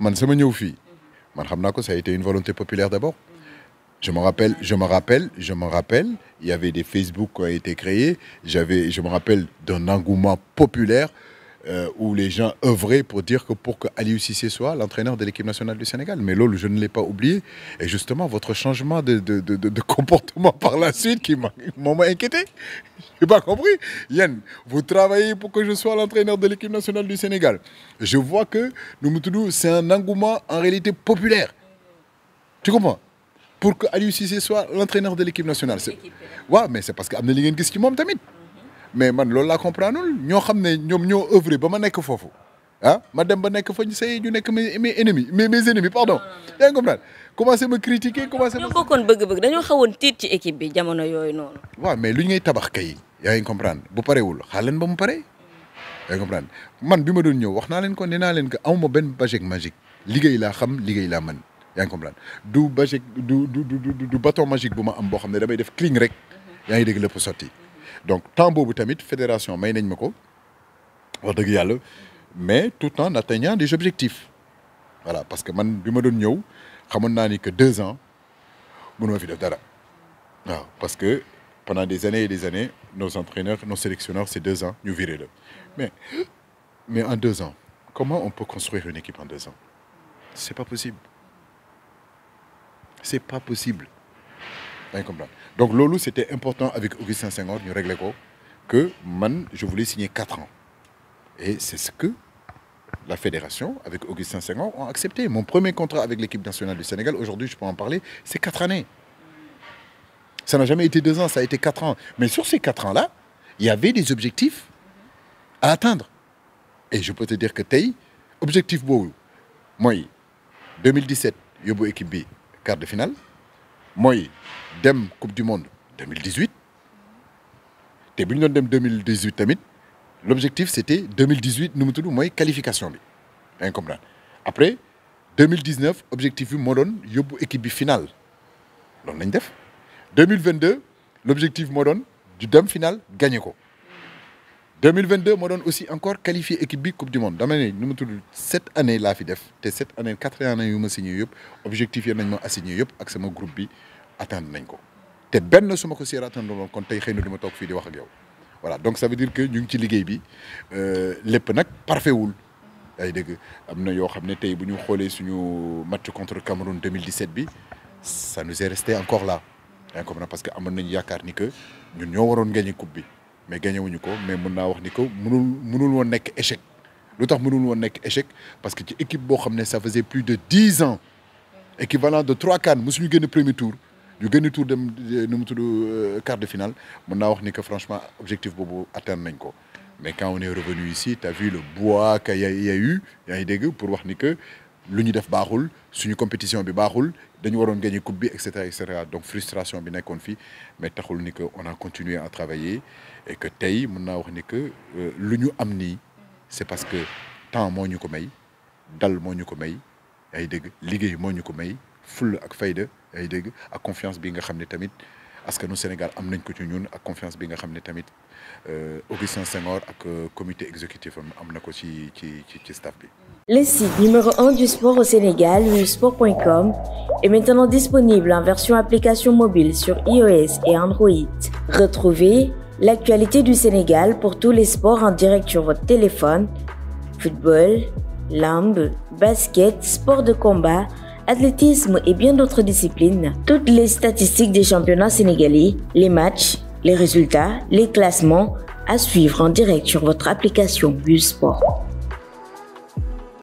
man sama ça a été une volonté populaire d'abord je me rappelle je me rappelle je me rappelle il y avait des Facebook qui ont été créés j'avais je me rappelle d'un engouement populaire euh, où les gens œuvraient pour dire que pour que Aliou Cissé soit l'entraîneur de l'équipe nationale du Sénégal. Mais Lolo, je ne l'ai pas oublié. Et justement, votre changement de, de, de, comportement par la suite qui m'a inquiété. Je n'ai pas compris. Yann, vous travaillez pour que je sois l'entraîneur de l'équipe nationale du Sénégal. Je vois que Noumoutoudou, c'est un engouement en réalité populaire. Tu comprends Pour que Aliou Cissé soit l'entraîneur de l'équipe nationale. Hein. Ouais, mais c'est parce qu'il qu'est-ce qui m'a mais man lolou la comprendre ñoo xam ne ñoo bama nek ah, mes ennemis mes ennemis pardon. y'a ngi comprendre critiquer bëgg-bëgg ci équipe bi jamono mais lu ngay tabax kay ya ngi comprendre bu paré wul ba mu ngi comprendre man doon ko magique xam ngi bâton magique am donc tambour boutamite, fédération mais tout en atteignant des objectifs voilà parce que que deux ans parce que pendant des années et des années nos entraîneurs nos sélectionneurs c'est deux ans nous viré le. mais mais en deux ans comment on peut construire une équipe en deux ans Ce n'est pas possible Ce n'est pas possible donc Lolo c'était important avec Augustin Senghor nous que man je voulais signer 4 ans et c'est ce que la fédération avec Augustin Senghor ont accepté mon premier contrat avec l'équipe nationale du Sénégal aujourd'hui je peux en parler c'est 4 années ça n'a jamais été 2 ans ça a été 4 ans mais sur ces 4 ans là il y avait des objectifs à atteindre et je peux te dire que Taï, objectif beau, moi 2017 Yobo équipe B quart de finale moi, dem coupe du monde 2018 début de dem 2018 l'objectif c'était 2018 nous nous tudd qualification après 2019 objectif bi yobu équipe finale 2022 l'objectif est du gagner dem finale quoi. 2022 moi donne aussi encore qualifié équipe bi coupe du monde dama avons nu là 7 années te signé Objectif, objectifié nañ groupe bi atteindre nañ te nous voilà donc ça veut dire que nous ci euh, parfait wul ay match contre Cameroun 2017 ça nous est resté encore là parce que nous avons yaakaar ni que ñun ñoo mais gagné wuñu ko mais mën naa wax ni ko mënul mënul won nek échec lutax mënul won nek échec parce que ci équipe bo xamné ça faisait plus de 10 ans équivalent de 3 trois CAN ñu génn premier tour ñu génn tour dem ñu euh, mu euh, quart de finale mën naa wax ni que franchement objectif pour atteindre nañ ko mais quand on est revenu ici tu as vu le bois qu'il y a eu il y a des groupes pour wax ni que luñu def baaxul suñu compétition bi baaxul dañu waroon gagner coupe bi et cetera et donc frustration bi mais que on a continué à travailler et que tey mën naa wax ni que euh, c'est parce que temps moo ko may dal moo ñu ko may ay dégg liggéey moo ñu ko may la confiance bi nga tamit parce Sénégal am nañ ko ci ñun ak confiance bi nga xamné tamit euh Augustin Senghor ak euh, comité exécutif am ci ci ci staff bi. Le site numéro 1 du sport au Sénégal, newsport.com, est maintenant disponible en version application mobile sur iOS et Android. Retrouvez l'actualité du Sénégal pour tous les sports en direct sur votre téléphone, football, lambe, basket, sport de combat, athlétisme et bien d'autres disciplines, toutes les statistiques des championnats sénégalais, les matchs, les résultats, les classements à suivre en direct sur votre application Busport.